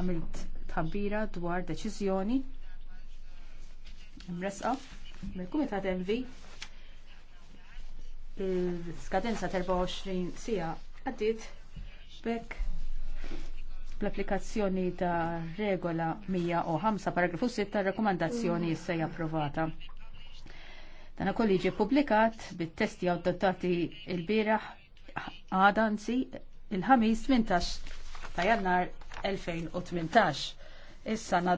għamilt tħabbira dwar deċiżjoni mresqa mill-Kumitat MV il-skadenza 24 sija għaddit bekk l-applikazzjoni ta' regola 105 paragrafu 6 ta' rekomandazzjoni issa approvata. ukoll kolliġi publikat bit-testi adottati il-biraħ għadanzi il-ħamis 18 ta' jannar 2018. Issa